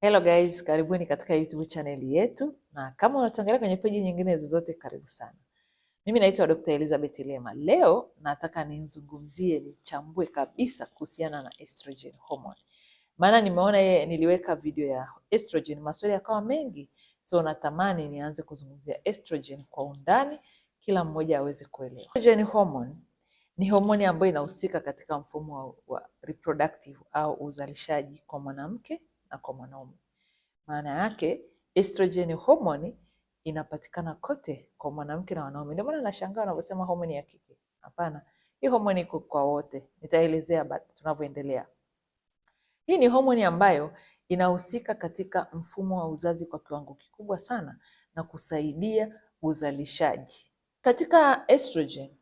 Hello guys, karibuni katika YouTube channel yetu, na kama unatuangalia kwenye peji nyingine zozote, karibu sana. Mimi naitwa Dr. Elizabeth Lema. Leo nataka nizungumzie, nichambue kabisa kuhusiana na estrogen hormone, maana nimeona ye, niliweka video ya estrogen, maswali yakawa mengi, so natamani nianze kuzungumzia estrogen kwa undani, kila mmoja aweze kuelewa. Estrogen hormone ni homoni ambayo inahusika katika mfumo wa reproductive au uzalishaji kwa mwanamke na kwa mwanaume. Maana yake estrogen homoni inapatikana kote kwa mwanamke na wanaume. Ndio maana nashangaa wanavyosema homoni ya kike. Hapana, hii homoni iko kwa wote, nitaelezea tunavyoendelea. Hii ni homoni ambayo inahusika katika mfumo wa uzazi kwa kiwango kikubwa sana na kusaidia uzalishaji. Katika estrogen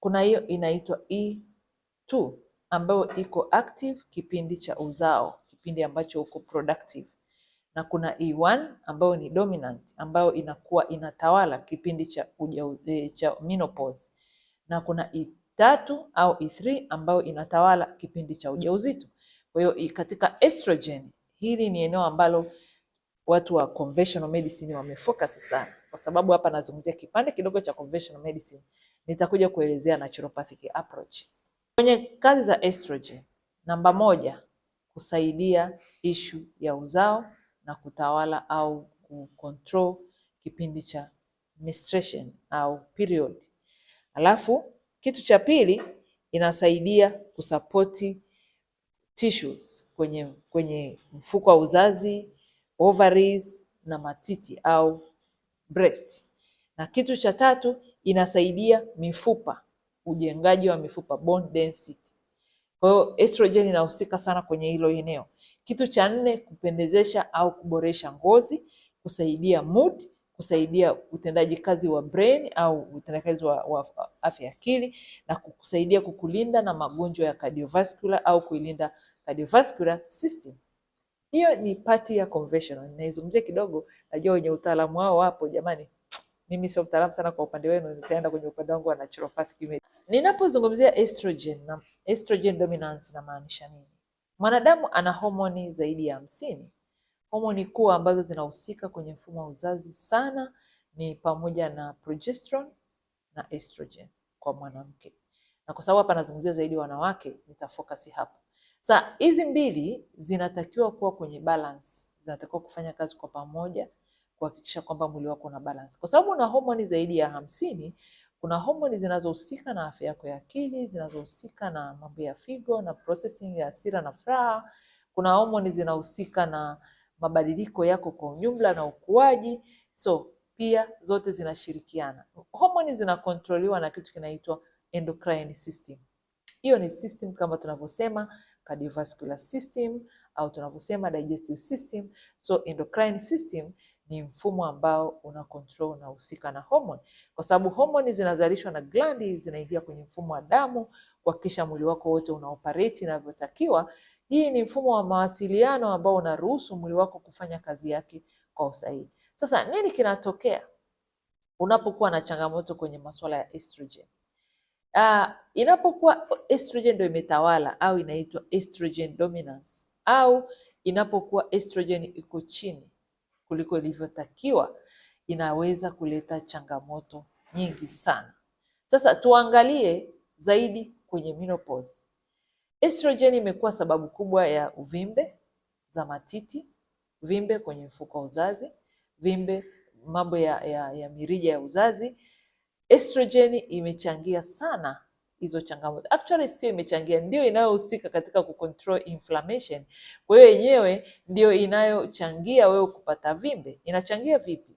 kuna hiyo inaitwa E2 ambayo iko active kipindi cha uzao kipindi ambacho uko productive, na kuna E1 ambayo ni dominant ambayo inakuwa inatawala kipindi cha uja, e, cha menopause, na kuna E3 au E3 ambayo inatawala kipindi cha ujauzito. Kwa hiyo katika estrogen, hili ni eneo ambalo watu wa conventional medicine wamefocus sana, kwa sababu hapa nazungumzia kipande kidogo cha conventional medicine. Nitakuja kuelezea naturopathic approach kwenye kazi za estrogen. Namba moja, kusaidia ishu ya uzao na kutawala au kucontrol kipindi cha menstruation au period. Alafu kitu cha pili inasaidia kusapoti tissues kwenye kwenye mfuko wa uzazi, ovaries na matiti au breast. Na kitu cha tatu inasaidia mifupa, ujengaji wa mifupa bone density. Kwa hiyo estrogen inahusika sana kwenye hilo eneo. Kitu cha nne, kupendezesha au kuboresha ngozi, kusaidia mood, kusaidia utendaji kazi wa brain au utendaji kazi wa, wa afya akili na kusaidia kukulinda na magonjwa ya cardiovascular au kuilinda cardiovascular system. Hiyo ni pati ya conventional. Naizungumzia kidogo, najua wenye utaalamu wao wapo jamani. Mimi sio mtaalamu sana kwa upande wenu, nitaenda kwenye upande wangu wa naturopathic medicine. Ninapozungumzia estrogen na estrogen dominance namaanisha nini? Mwanadamu ana homoni zaidi ya hamsini. Homoni kuu ambazo zinahusika kwenye mfumo wa uzazi sana ni pamoja na progesterone na estrogen kwa mwanamke, na kwa sababu hapa nazungumzia zaidi wanawake, nitafokasi hapa. Sasa hizi mbili zinatakiwa kuwa kwenye balance, zinatakiwa kufanya kazi kwa pamoja kuhakikisha kwamba mwili wako una balance, kwa sababu una homoni zaidi ya hamsini. Kuna homoni zinazohusika na afya yako ya akili, zinazohusika na mambo ya figo na processing ya hasira na furaha. Kuna homoni zinahusika na mabadiliko yako kwa ujumla na ukuaji, so pia zote zinashirikiana. Homoni zinakontroliwa na kitu kinaitwa endocrine system. Hiyo ni system kama tunavyosema cardiovascular system au tunavyosema digestive system. So endocrine system ni mfumo ambao una control unahusika na homoni, kwa sababu homoni zinazalishwa na glandi, zinaingia kwenye mfumo wa damu kuhakikisha mwili wako wote operate inavyotakiwa. Hii ni mfumo wa mawasiliano ambao unaruhusu mwili wako kufanya kazi yake kwa usahihi. Sasa nini kinatokea unapokuwa na changamoto kwenye masuala ya estrogen? Uh, inapokuwa estrogen ndio imetawala au inaitwa estrogen dominance, au inapokuwa estrogen iko chini kuliko ilivyotakiwa inaweza kuleta changamoto nyingi sana. Sasa tuangalie zaidi kwenye menopause. Estrogen imekuwa sababu kubwa ya uvimbe za matiti, vimbe kwenye mfuko wa uzazi, vimbe mambo ya, ya, ya mirija ya uzazi. Estrogen imechangia sana hizo changamoto. Actually sio imechangia, ndio inayohusika katika kucontrol inflammation. Kwa hiyo yenyewe ndio inayochangia wewe kupata vimbe. Inachangia vipi?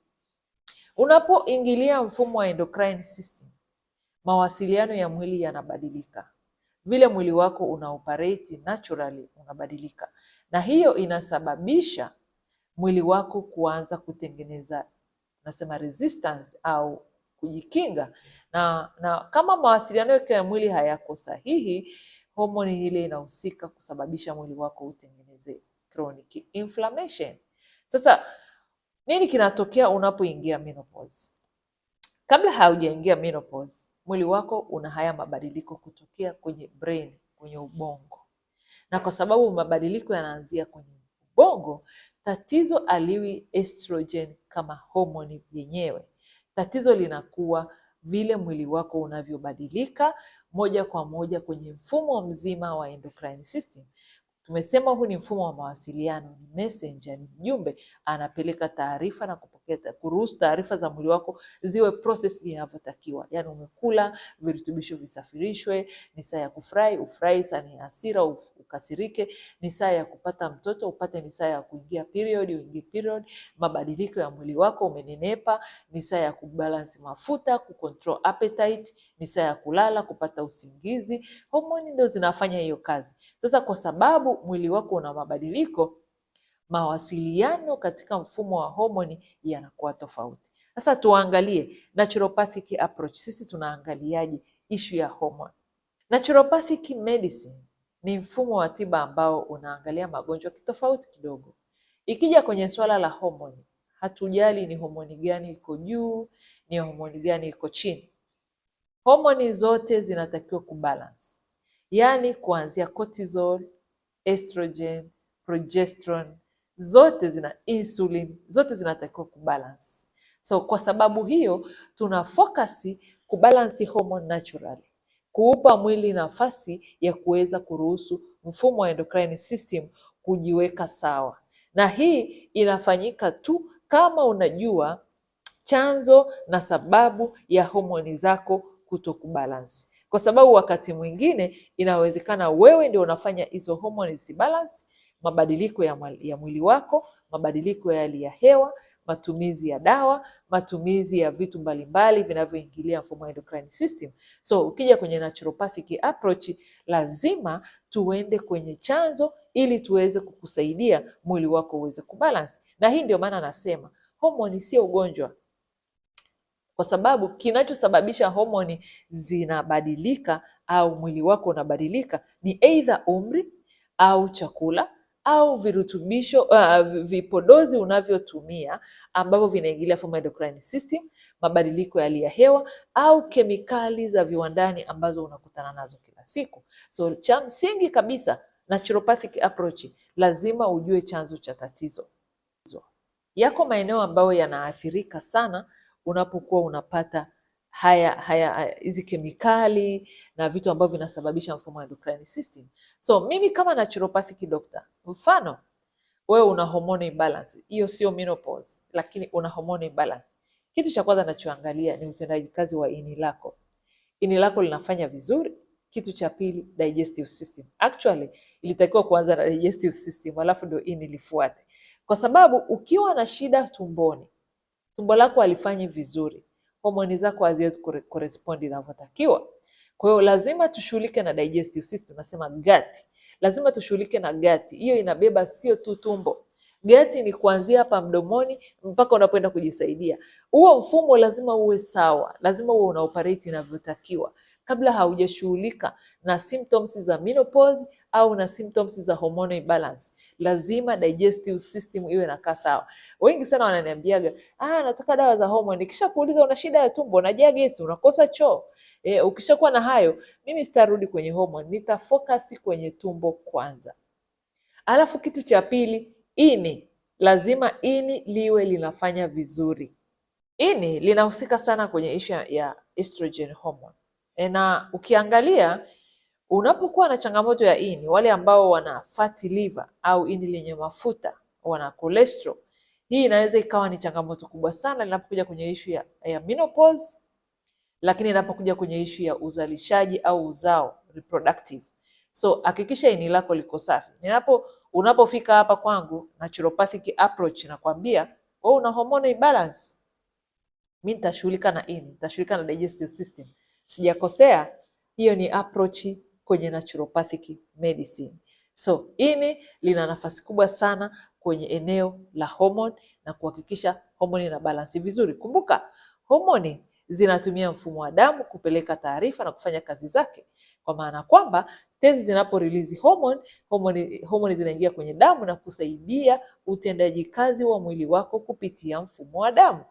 Unapoingilia mfumo wa endocrine system, mawasiliano ya mwili yanabadilika, vile mwili wako operate naturally unabadilika, na hiyo inasababisha mwili wako kuanza kutengeneza nasema resistance au kujikinga na, na kama mawasiliano yake ya mwili hayako sahihi, homoni ile inahusika kusababisha mwili wako utengeneze chronic inflammation. Sasa nini kinatokea unapoingia menopause? Kabla haujaingia menopause, mwili wako una haya mabadiliko kutokea kwenye brain, kwenye ubongo, na kwa sababu mabadiliko yanaanzia kwenye ubongo, tatizo aliwi estrogen kama homoni yenyewe Tatizo linakuwa vile mwili wako unavyobadilika moja kwa moja kwenye mfumo mzima wa endocrine system. Tumesema huu ni mfumo wa mawasiliano, ni messenger, ni mjumbe anapeleka taarifa na kupokea, kuruhusu taarifa za mwili wako ziwe process inavyotakiwa. Yani umekula, virutubisho visafirishwe, ni saa ya kufurahi ufurahi, saa ni hasira ukasirike, ni saa ya kupata mtoto upate, ni saa ya kuingia period uingie period, mabadiliko ya mwili wako, umenenepa, ni saa ya kubalansi mafuta, kucontrol appetite, ni saa ya kulala, kupata usingizi. Homoni ndio zinafanya hiyo kazi. Sasa kwa sababu mwili wako una mabadiliko, mawasiliano katika mfumo wa homoni yanakuwa tofauti. Sasa tuangalie naturopathic approach, sisi tunaangaliaje ishu ya homoni? Naturopathic medicine ni mfumo wa tiba ambao unaangalia magonjwa kitofauti kidogo. Ikija kwenye swala la homoni, hatujali ni homoni gani iko juu, ni homoni gani iko chini. Homoni zote zinatakiwa kubalance, yaani kuanzia cortisol estrogen, progesterone zote zina insulin, zote zinatakiwa kubalance. So kwa sababu hiyo tuna focus kubalance hormone naturally, kuupa mwili nafasi ya kuweza kuruhusu mfumo wa endocrine system kujiweka sawa, na hii inafanyika tu kama unajua chanzo na sababu ya homoni zako kutokubalansi kwa sababu wakati mwingine inawezekana wewe ndio unafanya hizo hormone imbalance, mabadiliko ya mwili wako, mabadiliko ya hali ya hewa, matumizi ya dawa, matumizi ya vitu mbalimbali vinavyoingilia mfumo wa endocrine system. So ukija kwenye naturopathic approach, lazima tuende kwenye chanzo ili tuweze kukusaidia mwili wako uweze kubalance, na hii ndio maana nasema homoni sio ugonjwa kwa sababu kinachosababisha homoni zinabadilika au mwili wako unabadilika ni aidha umri au chakula au virutubisho uh, vipodozi unavyotumia ambavyo vinaingilia fomu endocrine system, mabadiliko ya hali ya hewa au kemikali za viwandani ambazo unakutana nazo kila siku. So cha msingi kabisa, naturopathic approach, lazima ujue chanzo cha tatizo. Yako maeneo ambayo yanaathirika sana unapokuwa unapata haya haya hizi kemikali na vitu ambavyo vinasababisha mfumo wa endocrine system. So mimi kama naturopathic doctor, mfano wewe una hormone imbalance, hiyo sio menopause, lakini una hormone imbalance. Kitu cha kwanza nachoangalia ni utendaji kazi wa ini lako. Ini lako linafanya vizuri. Kitu cha pili, digestive system. Actually ilitakiwa kuanza na digestive system, alafu ndio ini lifuate, kwa sababu ukiwa na shida tumboni tumbo lako halifanyi vizuri, homoni zako haziwezi kurespond inavyotakiwa. Kwa hiyo lazima tushughulike na digestive system, nasema gati, lazima tushughulike na gati. Hiyo inabeba sio tu tumbo. Gati ni kuanzia hapa mdomoni mpaka unapoenda kujisaidia. Huo mfumo lazima uwe sawa, lazima uwe operate inavyotakiwa kabla haujashughulika na symptoms za menopause au na symptoms za hormonal imbalance. Lazima digestive system iwe na kaa sawa. Wengi sana wananiambiaga, ah, nataka dawa za hormone. kuuliza una shida ya tumbo, unajaa gesi, unakosa choo. E, ukishakuwa na hayo, mimi sitarudi kwenye hormone, nitafocus kwenye tumbo kwanza. Alafu kitu cha pili, ini. Lazima ini liwe linafanya vizuri. Ini linahusika sana kwenye ishu ya estrogen hormone. E, na ukiangalia unapokuwa na changamoto ya ini, wale ambao wana fatty liver au ini lenye mafuta, wana cholesterol, hii inaweza ikawa ni changamoto kubwa sana linapokuja kwenye ishu ya, ya menopause, lakini inapokuja kwenye ishu ya uzalishaji au uzao reproductive. So hakikisha ini lako liko safi. Ninapo unapofika hapa kwangu naturopathic approach, nakwambia wewe una hormone imbalance, mimi nitashughulika na ini, nitashughulika na digestive system Sijakosea? Hiyo ni approach kwenye naturopathic medicine. So ini lina nafasi kubwa sana kwenye eneo la hormone na kuhakikisha homoni ina balansi vizuri. Kumbuka homoni zinatumia mfumo wa damu kupeleka taarifa na kufanya kazi zake, kwa maana kwamba tezi zinapo release hormone, homoni, homoni zinaingia kwenye damu na kusaidia utendaji kazi wa mwili wako kupitia mfumo wa damu.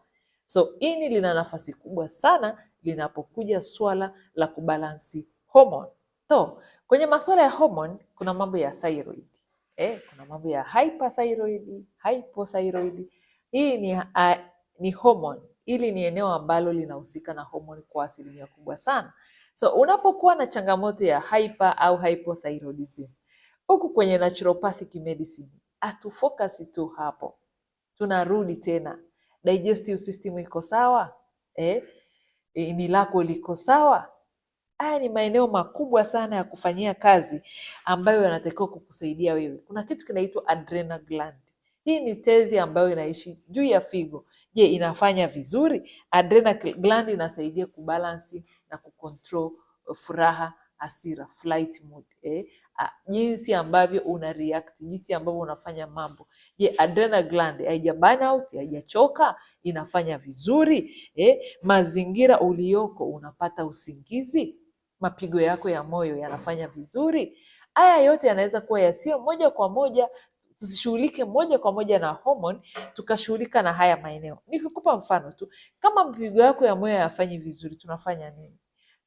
So ini lina nafasi kubwa sana linapokuja swala la kubalansi homoni. So kwenye masuala ya homoni kuna mambo ya thyroid. Eh, kuna mambo ya hyperthyroid, hypothyroid. Hii ni, uh, ni homoni. Hili ni eneo ambalo linahusika na homoni kwa asilimia kubwa sana. So unapokuwa na changamoto ya hyper au hypothyroidism, huku kwenye naturopathic medicine hatufocus tu hapo, tunarudi tena digestive system iko sawa eh? ini e, lako liko sawa? Haya ni maeneo makubwa sana ya kufanyia kazi ambayo yanatakiwa kukusaidia wewe. Kuna kitu kinaitwa adrenal gland. Hii ni tezi ambayo inaishi juu ya figo. Je, inafanya vizuri? Adrenal gland inasaidia kubalansi na kucontrol eh, furaha, hasira, flight mode, eh? jinsi ambavyo una react, jinsi ambavyo unafanya mambo. Je, adrenal gland haija burn out, haijachoka, inafanya vizuri eh? Mazingira ulioko, unapata usingizi, mapigo yako ya moyo yanafanya vizuri. Haya yote yanaweza kuwa yasiyo moja kwa moja tusishughulike moja kwa moja na homoni, tukashughulika na haya maeneo. Nikikupa mfano tu, kama mpigo yako ya moyo hayafanyi vizuri, tunafanya nini?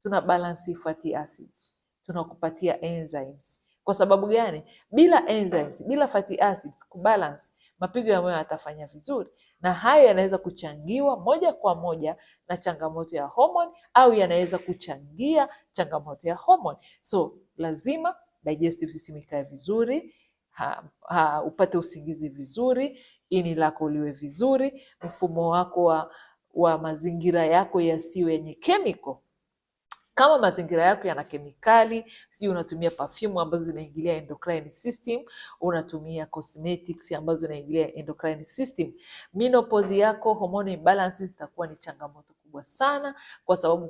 Tuna balance fatty acids tunakupatia enzymes. Kwa sababu gani? Bila enzymes, bila fatty acids kubalance, mapigo ya moyo yatafanya vizuri, na hayo yanaweza kuchangiwa moja kwa moja na changamoto ya hormone, au yanaweza kuchangia changamoto ya hormone. So lazima digestive system ikae vizuri, ha, ha, upate usingizi vizuri, ini lako liwe vizuri, mfumo wako wa, wa mazingira yako yasiwe yenye chemical kama mazingira yako yana kemikali, sijui unatumia perfume ambazo zinaingilia endocrine system, unatumia cosmetics ambazo zinaingilia endocrine system, menopause yako, hormone imbalance zitakuwa ni changamoto kubwa sana, kwa sababu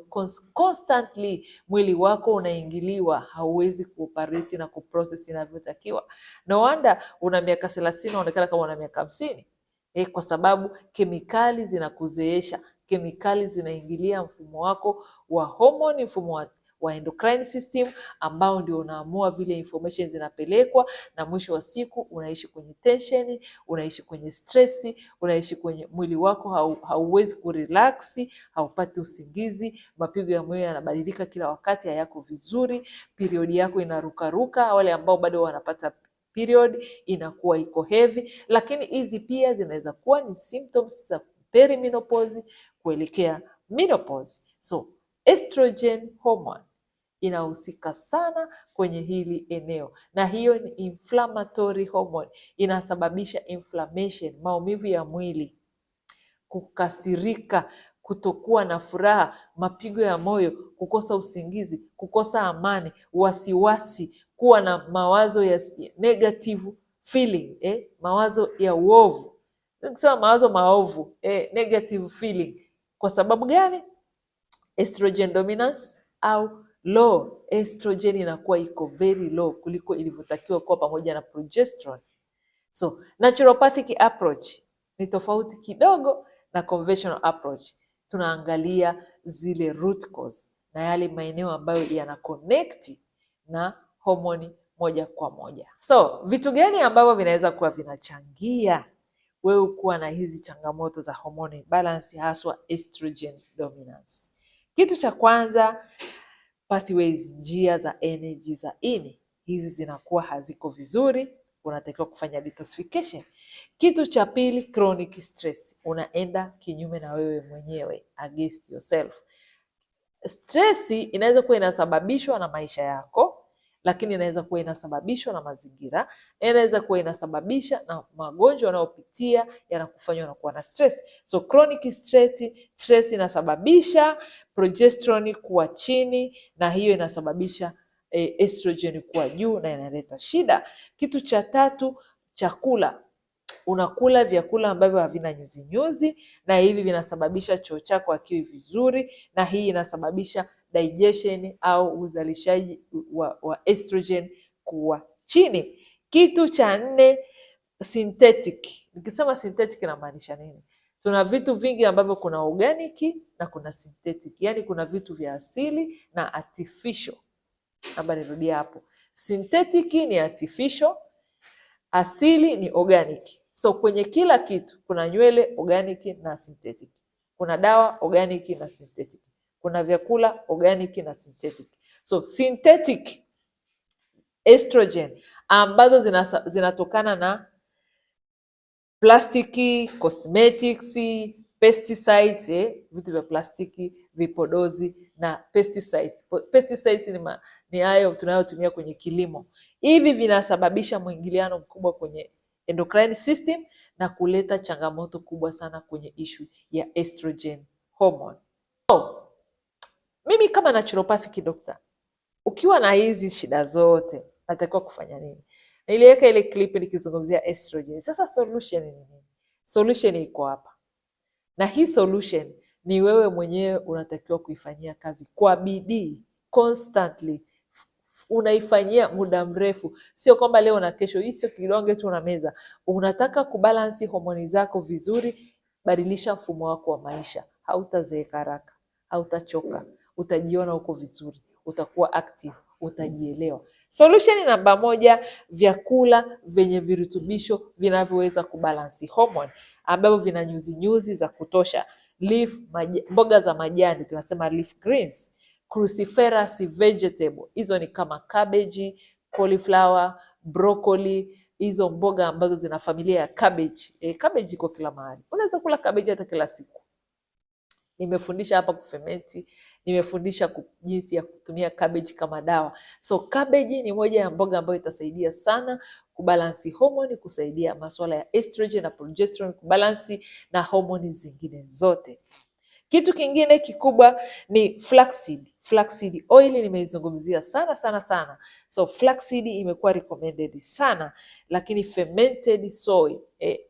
constantly mwili wako unaingiliwa, hauwezi kuoperate na kuprocess inavyotakiwa. No wonder una miaka thelathini unaonekana kama una miaka hamsini. E, kwa sababu kemikali zinakuzeesha kemikali zinaingilia mfumo wako wa homoni, mfumo wa wa endocrine system ambao ndio unaamua vile information zinapelekwa, na mwisho wa siku unaishi kwenye tension, unaishi kwenye stress, unaishi kwenye mwili wako hau, hauwezi kurelaksi, haupati usingizi, mapigo ya moyo yanabadilika kila wakati, hayako vizuri, periodi yako inarukaruka. Wale ambao bado wanapata period inakuwa iko heavy, lakini hizi pia zinaweza kuwa ni symptoms za perimenopause kuelekea menopause. So estrogen hormone inahusika sana kwenye hili eneo, na hiyo ni inflammatory hormone, inasababisha inflammation, maumivu ya mwili, kukasirika, kutokuwa na furaha, mapigo ya moyo, kukosa usingizi, kukosa amani, wasiwasi, kuwa na mawazo ya negative feeling, eh? mawazo ya uovu, nikisema mawazo maovu eh, negative feeling kwa sababu gani? Estrogen dominance au low estrogen inakuwa iko very low kuliko ilivyotakiwa kuwa pamoja na progesterone. So naturopathic approach ni tofauti kidogo na conventional approach. Tunaangalia zile root cause na yale maeneo ambayo yana connect na homoni moja kwa moja. So vitu gani ambavyo vinaweza kuwa vinachangia wewe kuwa na hizi changamoto za hormone balance, haswa estrogen dominance. Kitu cha kwanza pathways, njia za energy za ini hizi zinakuwa haziko vizuri, unatakiwa kufanya detoxification. Kitu cha pili chronic stress, unaenda kinyume na wewe mwenyewe, against yourself. Stress inaweza kuwa inasababishwa na maisha yako lakini inaweza kuwa inasababishwa na mazingira, inaweza kuwa inasababisha na magonjwa wanayopitia yanakufanya unakuwa na stress. So chronic stress, stress inasababisha progesterone kuwa chini, na hiyo inasababisha eh, estrogen kuwa juu na inaleta shida. Kitu cha tatu, chakula unakula vyakula ambavyo havina nyuzinyuzi, na hivi vinasababisha choo chako akiwi vizuri, na hii inasababisha digestion au uzalishaji wa, wa estrogen kuwa chini. Kitu cha nne, synthetic. Nikisema synthetic inamaanisha nini? Tuna vitu vingi ambavyo kuna organic na kuna synthetic, yaani kuna vitu vya asili na artificial. Labda nirudia hapo, synthetic ni artificial, asili ni organic. So kwenye kila kitu kuna nywele organic na synthetic, kuna dawa organic na synthetic, kuna vyakula organic na synthetic. So synthetic estrogen ambazo zina, zinatokana na plastiki, cosmetics, pesticides eh, vitu vya plastiki, vipodozi na pesticides. Pesticides ni, ma, ni hayo tunayotumia kwenye kilimo. Hivi vinasababisha mwingiliano mkubwa kwenye endocrine system na kuleta changamoto kubwa sana kwenye ishu ya estrogen hormone. So, mimi kama naturopathic doctor, ukiwa na hizi shida zote natakiwa kufanya nini? Niliweka ile clip nikizungumzia estrogen. Sasa solution ni nini? Solution iko hapa, na hii solution ni wewe mwenyewe unatakiwa kuifanyia kazi kwa bidii constantly, unaifanyia muda mrefu, sio kwamba leo na kesho. Hii sio kidonge tu na meza. Unataka kubalansi homoni zako vizuri, badilisha mfumo wako wa maisha, hautazeeka haraka, hautachoka utajiona uko vizuri, utakuwa active, utajielewa. Solution namba moja, vyakula vyenye virutubisho vinavyoweza kubalansi hormone ambavyo vina nyuzi nyuzi za kutosha. Leaf, mboga za majani tunasema leaf greens, cruciferous vegetable, hizo ni kama cabbage, cauliflower, broccoli, hizo mboga ambazo zina familia ya cabbage. Eh, cabbage iko kila mahali, unaweza kula cabbage hata kila siku. Nimefundisha hapa kufementi, nimefundisha jinsi ya kutumia cabbage kama dawa. So cabbage ni moja ya mboga ambayo itasaidia sana kubalansi homoni, kusaidia masuala ya estrogen na progesterone, kubalansi na homoni zingine zote. Kitu kingine kikubwa ni flaxseed. Flaxseed oil nimeizungumzia sana sana sana, so flaxseed imekuwa recommended sana, lakini fermented soy eh,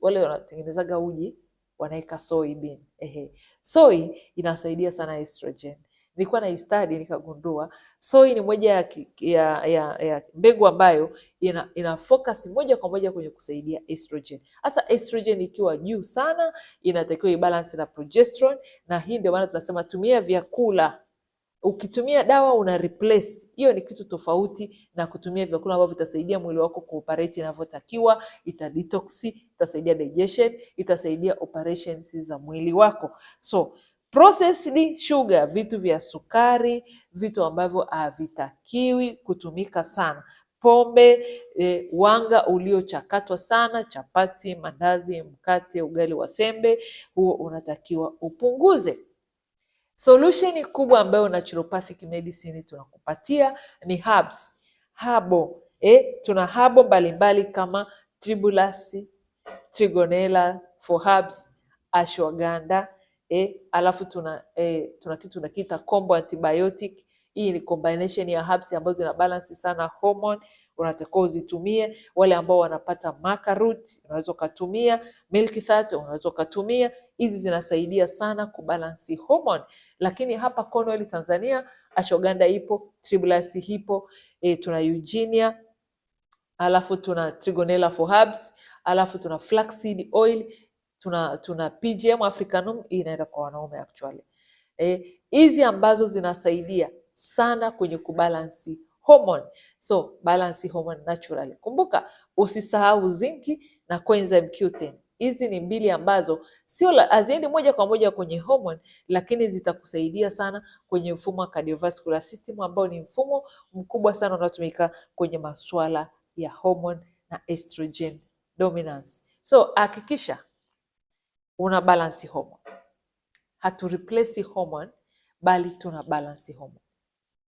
wale wanatengenezaga uji wanaweka soybean. Ehe, soy inasaidia sana estrogen. Nilikuwa na istadi nikagundua soy ni moja ya, ya, ya, ya mbegu ambayo ina, ina focus moja kwa moja kwenye kusaidia estrogen. Hasa estrogen ikiwa juu sana, inatakiwa ibalance na progesterone, na hii ndio maana tunasema tumia vyakula Ukitumia dawa una replace, hiyo ni kitu tofauti na kutumia vyakula ambavyo vitasaidia mwili wako kuoperate inavyotakiwa. Ita detox, itasaidia digestion, itasaidia operations za mwili wako. So processed sugar, vitu vya sukari, vitu ambavyo havitakiwi kutumika sana pombe e, wanga uliochakatwa sana, chapati, mandazi, mkate, ugali wa sembe, huo unatakiwa upunguze. Solusheni kubwa ambayo naturopathic medicine tunakupatia ni herbs, habo eh, tuna habo mbalimbali kama tribulus, trigonella for herbs, ashwagandha eh, alafu tuna eh, tuna kitu tunakiita combo antibiotic. Hii ni combination ya herbs ambazo zina balance sana hormone, unatakiwa uzitumie. Wale ambao wanapata maca root unaweza ukatumia, milk thistle unaweza ukatumia hizi zinasaidia sana kubalansi homoni. Lakini hapa Cornwell Tanzania, ashoganda ipo, tribulus ipo, e, tuna Eugenia, alafu tuna Trigonella fohabs, alafu tuna flaxseed oil, tuna tuna PGM Africanum, hii inaenda kwa wanaume actually. Eh, hizi e, ambazo zinasaidia sana kwenye kubalansi hormone. So balance hormone naturally. Kumbuka usisahau zinki na coenzyme Q10. Hizi ni mbili ambazo sio haziendi moja kwa moja kwenye hormone, lakini zitakusaidia sana kwenye mfumo wa cardiovascular system ambao ni mfumo mkubwa sana unaotumika kwenye masuala ya hormone na estrogen dominance. So hakikisha una balance hormone. Hatu replace hormone bali tuna balance hormone.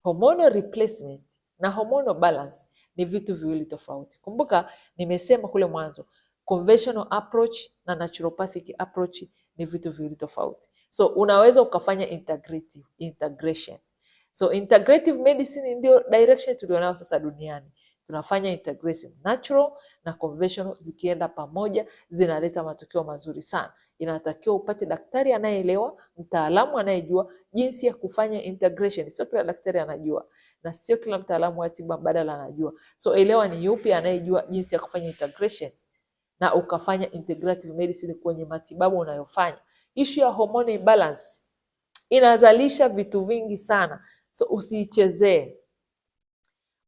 Hormonal replacement na hormonal balance ni vitu viwili tofauti. Kumbuka nimesema kule mwanzo Conventional approach na naturopathic approach ni vitu viwili tofauti. So unaweza ukafanya integrative, integration. So integrative medicine ndio direction tulionayo sasa duniani. Tunafanya integrative natural na conventional zikienda pamoja zinaleta matokeo mazuri sana. Inatakiwa upate daktari anayeelewa, mtaalamu anayejua jinsi ya kufanya integration. Sio kila daktari anajua na sio kila mtaalamu wa tiba mbadala anajua. So elewa ni yupi anayejua jinsi ya kufanya integration na ukafanya integrative medicine kwenye matibabu unayofanya. Ishu ya hormone imbalance inazalisha vitu vingi sana, so usiichezee.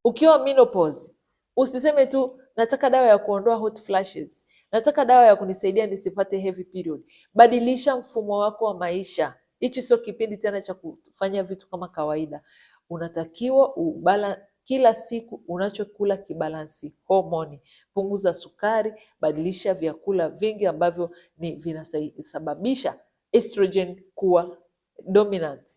Ukiwa menopause, usiseme tu nataka dawa ya kuondoa hot flashes, nataka dawa ya kunisaidia nisipate heavy period. Badilisha mfumo wako wa maisha. Hichi sio kipindi tena cha kufanya vitu kama kawaida, unatakiwa kila siku unachokula kibalansi homoni. Punguza sukari, badilisha vyakula vingi ambavyo ni vinasababisha estrogen kuwa dominant,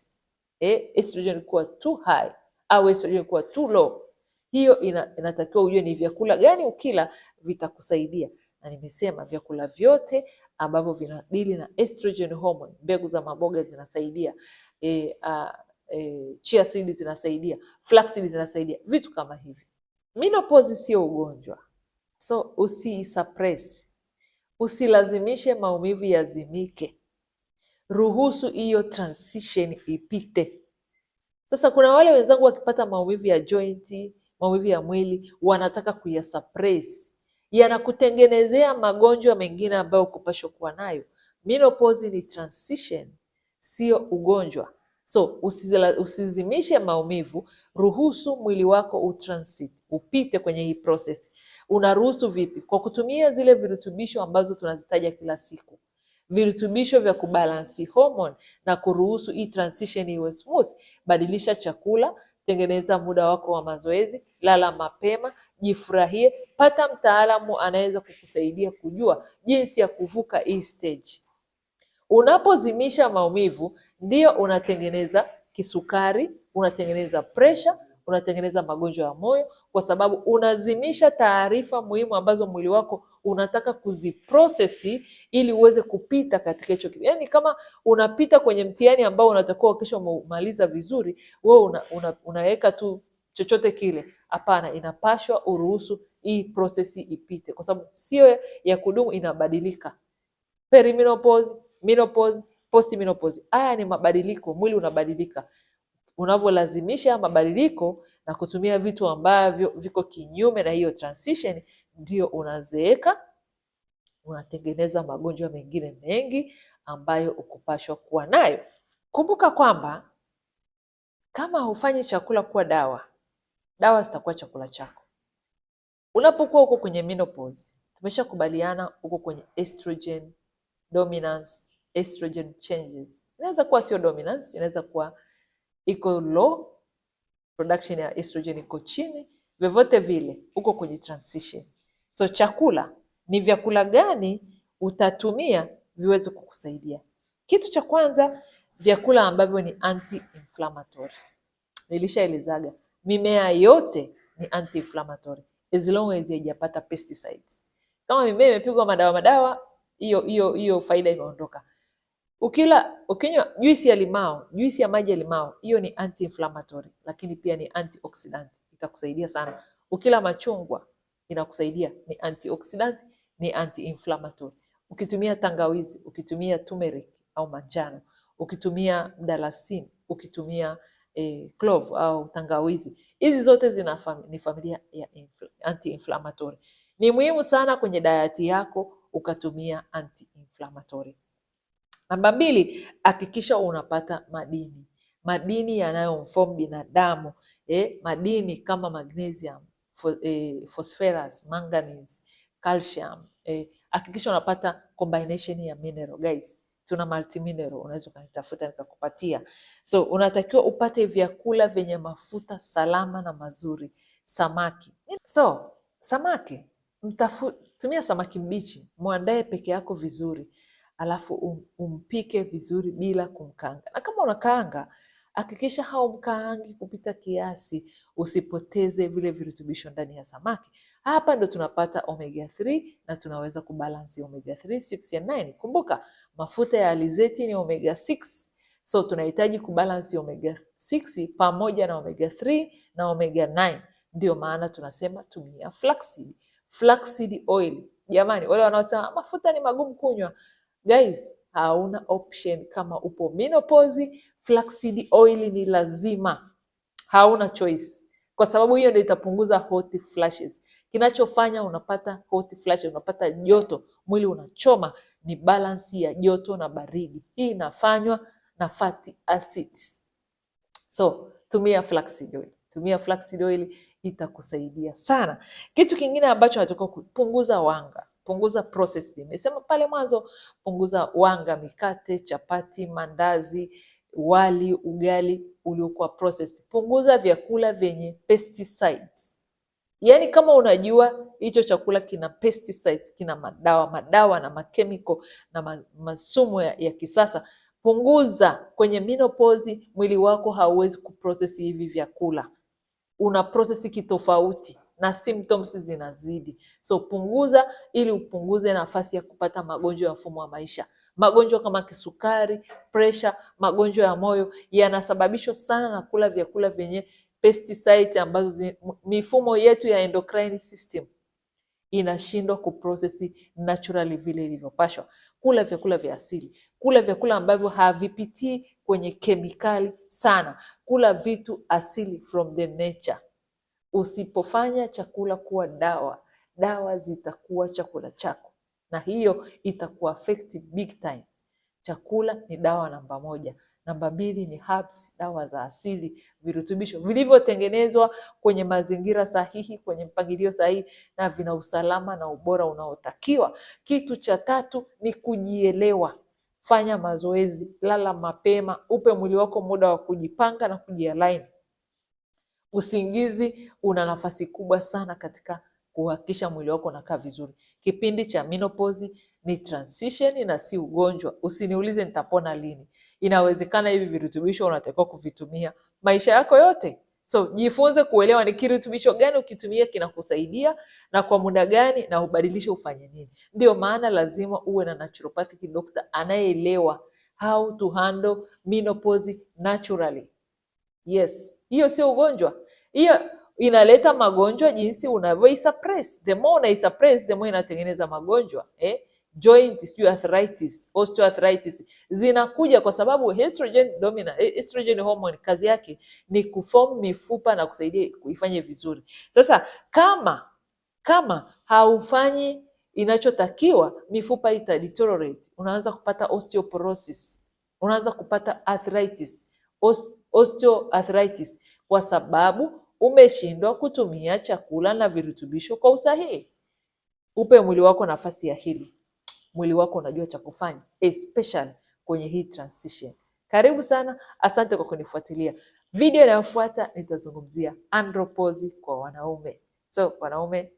eh, estrogen kuwa too high au estrogen kuwa too low. Hiyo ina, inatakiwa ujue ni vyakula gani ukila vitakusaidia, na nimesema vyakula vyote ambavyo vinadili na estrogen hormone. Mbegu za maboga zinasaidia eh, uh, e, chia seed zinasaidia, flaxseed zinasaidia, vitu kama hivyo. Menopause sio ugonjwa, so usi usilazimishe maumivu yazimike. Ruhusu hiyo transition ipite. Sasa kuna wale wenzangu wakipata maumivu ya jointi, maumivu ya mwili, wanataka kuyasuppress, yanakutengenezea magonjwa mengine ambayo kupashwa kuwa nayo. Menopause ni transition, sio ugonjwa. So usizimishe maumivu, ruhusu mwili wako utransit, upite kwenye hii process. Unaruhusu vipi? Kwa kutumia zile virutubisho ambazo tunazitaja kila siku, virutubisho vya kubalansi hormone na kuruhusu hii transition iwe smooth. Badilisha chakula, tengeneza muda wako wa mazoezi, lala mapema, jifurahie, pata mtaalamu anaweza kukusaidia kujua jinsi ya kuvuka hii stage. Unapozimisha maumivu, ndio unatengeneza kisukari, unatengeneza presha, unatengeneza magonjwa ya moyo, kwa sababu unazimisha taarifa muhimu ambazo mwili wako unataka kuziprosesi ili uweze kupita katika hicho kitu. Yaani, kama unapita kwenye mtihani ambao unatakiwa kesho umemaliza vizuri, wewe una, una, unaweka tu chochote kile. Hapana, inapashwa uruhusu hii prosesi ipite, kwa sababu sio ya kudumu, inabadilika perimenopause menopause, post menopause. Haya ni mabadiliko, mwili unabadilika, unavyolazimisha mabadiliko na kutumia vitu ambavyo viko kinyume na hiyo transition, ndio unazeeka, unatengeneza magonjwa mengine mengi ambayo ukupashwa kuwa nayo. Kumbuka kwamba kama hufanyi chakula kuwa dawa, dawa zitakuwa chakula chako. Unapokuwa uko kwenye menopause, tumeshakubaliana uko kwenye estrogen dominance, estrogen changes. Inaweza kuwa sio dominance, inaweza kuwa iko low production ya estrogen iko chini, vyovyote vile uko kwenye transition. So chakula ni vyakula gani utatumia viweze kukusaidia? Kitu cha kwanza, vyakula ambavyo ni anti-inflammatory. Nilishaelezaga mimea yote ni anti-inflammatory as long as haijapata pesticides. Kama mimea imepigwa madawa madawa hiyo hiyo hiyo faida imeondoka. Ukila ukinywa juisi ya limao, juisi ya maji ya limao, hiyo ni anti-inflammatory, lakini pia ni antioxidant, itakusaidia sana. Ukila machungwa inakusaidia, ni antioxidant, ni anti-inflammatory. Ukitumia tangawizi, ukitumia turmeric au manjano, ukitumia mdalasini, ukitumia eh, clove au tangawizi, hizi zote zina fam, ni familia ya anti-inflammatory. Ni muhimu sana kwenye dayati yako ukatumia anti-inflammatory. Namba mbili, hakikisha unapata madini, madini yanayomfom binadamu eh, madini kama magnesium, eh, phosphorus, manganese, calcium eh, hakikisha eh, unapata combination ya mineral guys. Tuna multimineral, unaweza ukanitafuta nikakupatia. So unatakiwa upate vyakula vyenye mafuta salama na mazuri. Samaki so samaki mtafu, Tumia samaki mbichi, mwandae peke yako vizuri, alafu um, umpike vizuri bila kumkanga. Na kama unakaanga, hakikisha haumkaangi kupita kiasi, usipoteze vile virutubisho ndani ya samaki. Hapa ndo tunapata omega 3 na tunaweza kubalansi omega 3, 6 and 9. Kumbuka mafuta ya alizeti ni omega 6 so tunahitaji kubalansi omega 6 pamoja na omega 3 na omega 9. Ndio maana tunasema tumia flaxseed flaxseed oil. Jamani, wale wanaosema mafuta ni magumu kunywa, guys, hauna option kama upo menopause. Flaxseed oil ni lazima, hauna choice, kwa sababu hiyo ndio itapunguza hot flashes. Kinachofanya unapata hot flashes, unapata joto, mwili unachoma, ni balansi ya joto na baridi. Hii inafanywa na fatty acids, so tumia flaxseed oil tumia flaxseed oil itakusaidia sana. Kitu kingine ambacho natakiwa kupunguza wanga, punguza processed. Nimesema pale mwanzo, punguza wanga, mikate, chapati, mandazi, wali, ugali uliokuwa processed. Punguza vyakula vyenye pesticides. Yaani, kama unajua hicho chakula kina pesticides, kina madawa madawa na makemiko na masumu ya, ya kisasa, punguza. Kwenye minopozi mwili wako hauwezi kuprocess hivi vyakula una prosesi kitofauti na symptoms zinazidi, so punguza ili upunguze nafasi ya kupata magonjwa ya mfumo wa maisha. Magonjwa kama kisukari, pressure, magonjwa ya moyo yanasababishwa sana na kula vyakula vyenye pesticides ambazo zi, mifumo yetu ya endocrine system inashindwa kuprocess naturally vile ilivyopashwa. Kula vyakula vya asili, kula vyakula ambavyo havipitii kwenye kemikali sana, kula vitu asili from the nature. Usipofanya chakula kuwa dawa, dawa zitakuwa chakula chako, na hiyo itakuafekti big time. Chakula ni dawa namba moja. Namba mbili ni herbs, dawa za asili, virutubisho vilivyotengenezwa kwenye mazingira sahihi, kwenye mpangilio sahihi, na vina usalama na ubora unaotakiwa. Kitu cha tatu ni kujielewa. Fanya mazoezi, lala mapema, upe mwili wako muda wa kujipanga na kujialaini. Usingizi una nafasi kubwa sana katika kuhakikisha mwili wako unakaa vizuri. Kipindi cha menopause ni transition na si ugonjwa. Usiniulize nitapona lini inawezekana hivi virutubisho unatakiwa kuvitumia maisha yako yote. So jifunze kuelewa ni kirutubisho gani ukitumia kinakusaidia na kwa muda gani, na ubadilishe ufanye nini. Ndio maana lazima uwe na naturopathic doctor anayeelewa how to handle menopause naturally. Yes, hiyo sio ugonjwa, hiyo inaleta magonjwa jinsi unavyoi suppress. The more unai suppress, the more inatengeneza magonjwa eh? joint osteoarthritis, osteoarthritis zinakuja kwa sababu estrogen dominant, e, estrogen hormone kazi yake ni kuform mifupa na kusaidia kuifanye vizuri. Sasa kama kama haufanyi inachotakiwa, mifupa ita deteriorate, unaanza kupata osteoporosis, unaanza kupata arthritis, osteoarthritis kwa sababu umeshindwa kutumia chakula na virutubisho kwa usahihi. Upe mwili wako nafasi ya hili mwili wako unajua cha kufanya, especially kwenye hii transition. Karibu sana, asante kwa kunifuatilia. Video inayofuata nitazungumzia andropozi kwa wanaume. So wanaume,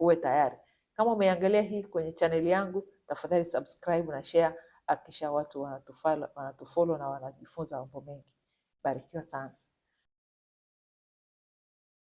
uwe tayari. Kama umeangalia hii kwenye chaneli yangu, tafadhali subscribe na share, akisha watu wanatufollow na wanajifunza mambo mengi. Barikiwa sana.